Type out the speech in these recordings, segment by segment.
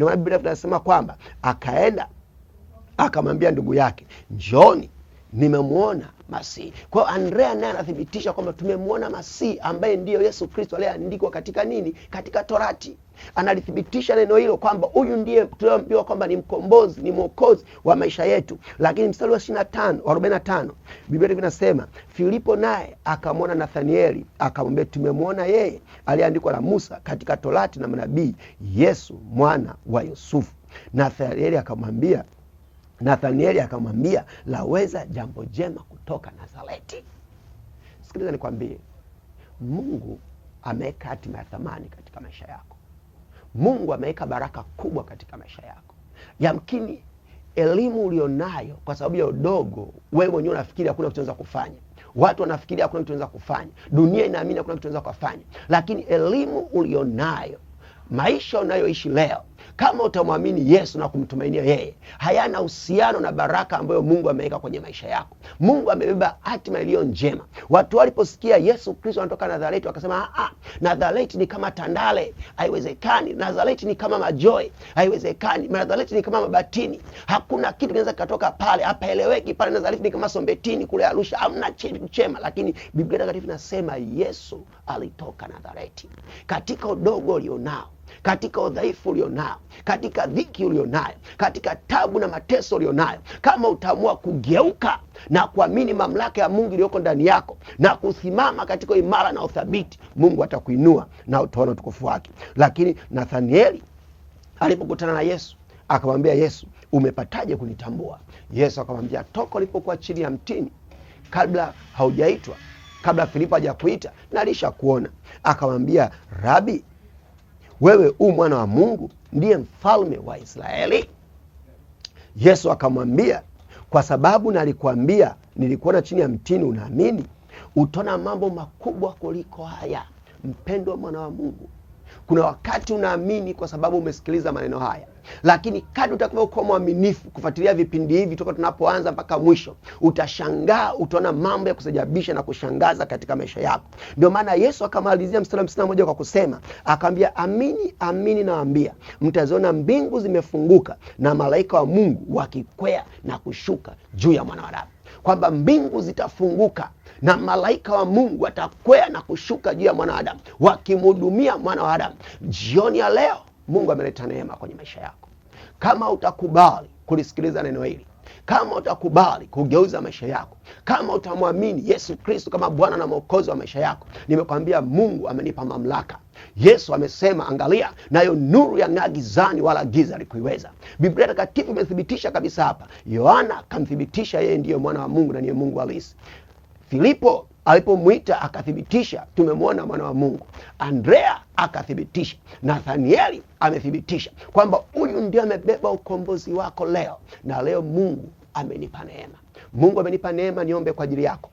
Ndio maana Biblia inasema kwamba akaenda akamwambia ndugu yake, njoni nimemwona Masihi. Kwa hiyo Andrea naye anathibitisha kwamba tumemwona Masihi ambaye ndiyo Yesu Kristo aliyeandikwa katika nini? Katika Torati. Analithibitisha neno hilo kwamba huyu ndiye tuliambiwa kwamba ni mkombozi, ni mwokozi wa maisha yetu. Lakini mstari wa 25, 45 Biblia inasema Filipo naye akamwona Nathanieli akamwambia, tumemwona yeye aliyeandikwa na Musa katika Torati na manabii, Yesu mwana wa Yusufu. Nathanieli akamwambia Nathanieli akamwambia, laweza jambo jema kutoka Nazareti. Sikiliza nikwambie, Mungu ameweka hatima ya thamani katika maisha yako. Mungu ameweka baraka kubwa katika maisha yako. Yamkini elimu ulionayo kwa sababu ya udogo, wewe mwenyewe unafikiri hakuna kitu unaweza kufanya, watu wanafikiri hakuna kitu unaweza kufanya, dunia inaamini hakuna kitu unaweza kufanya, lakini elimu ulionayo, maisha unayoishi leo kama utamwamini Yesu na kumtumainia yeye, hayana uhusiano na baraka ambayo Mungu ameweka kwenye maisha yako. Mungu amebeba hatima iliyo njema. Watu waliposikia Yesu Kristo anatoka Nazareti wakasema, ah, ah, Nazareti ni kama Tandale, haiwezekani. Nazareti ni kama Majoe, haiwezekani. Nazareti ni kama Mabatini, hakuna kitu kinaweza kikatoka pale, hapaeleweki pale. Nazareti ni kama Sombetini kule Arusha, hamna kitu chema. Lakini Biblia Takatifu inasema Yesu alitoka Nazareti katika udogo ulionao katika udhaifu ulionao, katika dhiki ulionayo, katika tabu na mateso ulionayo, kama utaamua kugeuka na kuamini mamlaka ya Mungu iliyoko ndani yako na kusimama katika imara na uthabiti, Mungu atakuinua na utaona utukufu wake. Lakini Nathanieli alipokutana na Yesu akamwambia Yesu, umepataje kunitambua? Yesu akamwambia, toka ulipokuwa chini ya mtini, kabla haujaitwa, kabla Filipo hajakuita, nalishakuona. Akamwambia, Rabi, wewe u mwana wa Mungu ndiye mfalme wa Israeli? Yesu akamwambia, kwa sababu nalikwambia, nilikuona chini ya mtini, unaamini? Utaona mambo makubwa kuliko haya. Mpendwa mwana wa Mungu, kuna wakati unaamini kwa sababu umesikiliza maneno haya, lakini kadri utakavyokuwa mwaminifu kufuatilia vipindi hivi toka tunapoanza mpaka mwisho, utashangaa, utaona mambo ya kusajabisha na kushangaza katika maisha yako. Ndio maana Yesu akamalizia mstari hamsini na moja kwa kusema, akamwambia, amini amini nawaambia, mtaziona mbingu zimefunguka na malaika wa Mungu wakikwea na kushuka juu ya mwanadamu kwamba mbingu zitafunguka na malaika wa Mungu watakwea na kushuka juu ya mwanadamu wakimhudumia mwanadamu. Jioni ya leo Mungu ameleta neema kwenye maisha yako, kama utakubali kulisikiliza neno hili, kama utakubali kugeuza maisha yako, kama utamwamini Yesu Kristo kama Bwana na Mwokozi wa maisha yako. Nimekwambia Mungu amenipa mamlaka Yesu amesema, angalia, nayo nuru yang'aa gizani, wala giza likuiweza. Biblia Takatifu imethibitisha kabisa hapa. Yohana akamthibitisha yeye ndiyo mwana wa Mungu na niye Mungu halisi. Filipo alipomwita akathibitisha, tumemwona mwana wa Mungu. Andrea akathibitisha, Nathanieli amethibitisha kwamba huyu ndio amebeba ukombozi wako leo, na leo Mungu amenipa neema. Mungu amenipa neema, niombe kwa ajili yako,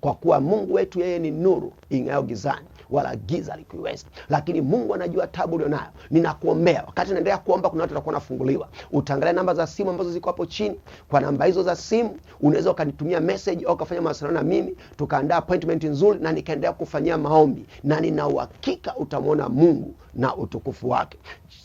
kwa kuwa Mungu wetu yeye ni nuru ing'ayo gizani wala giza likuiwezi, lakini Mungu anajua tabu ulionayo. Ninakuombea wakati naendelea kuomba, kuna watu watakuwa nafunguliwa. Utaangalia namba za simu ambazo ziko hapo chini. Kwa namba hizo za simu unaweza ukanitumia message au ukafanya mawasiliano na mimi, tukaandaa appointment nzuri na nikaendelea kufanyia maombi, na nina uhakika utamwona Mungu na utukufu wake.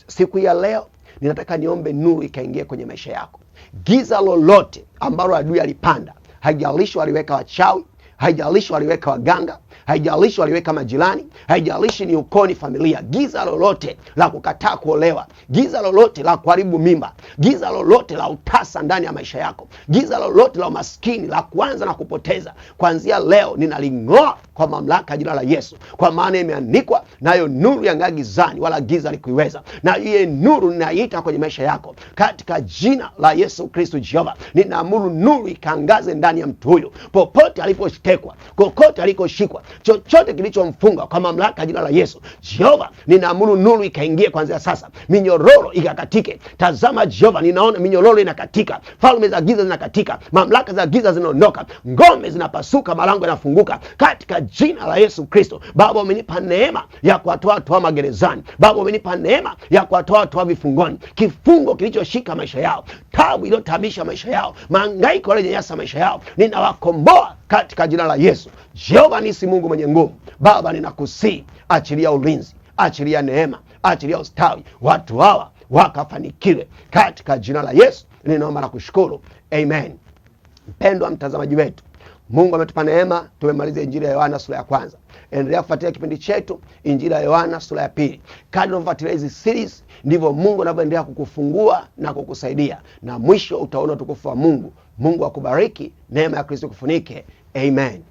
Siku ya leo ninataka niombe nuru ikaingia kwenye maisha yako. Giza lolote ambalo adui alipanda, haijalishi waliweka wachawi, haijalishi waliweka waganga haijalishi waliweka majirani, haijalishi ni ukoni, familia, giza lolote la kukataa kuolewa, giza lolote la kuharibu mimba, giza lolote la utasa ndani ya maisha yako, giza lolote la umaskini la kuanza na kupoteza, kuanzia leo ninaling'oa kwa mamlaka ya jina la Yesu, kwa maana imeandikwa, nayo nuru yang'aa gizani, wala giza likuiweza. Na iye nuru ninaiita kwenye maisha yako katika jina la Yesu kristu Jehova, ninaamuru nuru ikaangaze ndani ya mtu huyu, popote alipotekwa, kokote alikoshikwa chochote kilichomfunga kwa mamlaka jina la Yesu. Jehova, ninaamuru nuru ikaingie kwanzia sasa, minyororo ikakatike. Tazama Jehova, ninaona minyororo inakatika, falme za giza zinakatika, mamlaka za giza zinaondoka, ngome zinapasuka, malango yanafunguka katika jina la Yesu Kristo. Baba, umenipa neema ya kuwatoa toa magerezani. Baba, umenipa neema ya kuwatoa toa vifungoni, kifungo kilichoshika maisha yao, tabu iliyotamisha maisha yao, maangaiko yaliyonyanyasa maisha yao, ninawakomboa katika jina la Yesu. Jehova nisi Mungu mwenye nguvu, Baba ninakusii, achilia ulinzi, achilia neema, achilia ustawi, watu hawa wakafanikiwe katika jina la Yesu. Ninaomba na kushukuru, amen. Mpendwa mtazamaji wetu, Mungu ametupa neema. Tumemaliza Injili ya Yohana sura ya kwanza. Endelea kufuatilia kipindi chetu Injili ya Yohana sura ya pili. Kadri unavyofuatilia hizi series, ndivyo Mungu anavyoendelea kukufungua na kukusaidia, na mwisho utaona utukufu wa Mungu. Mungu akubariki, neema ya Kristo kufunike. Amen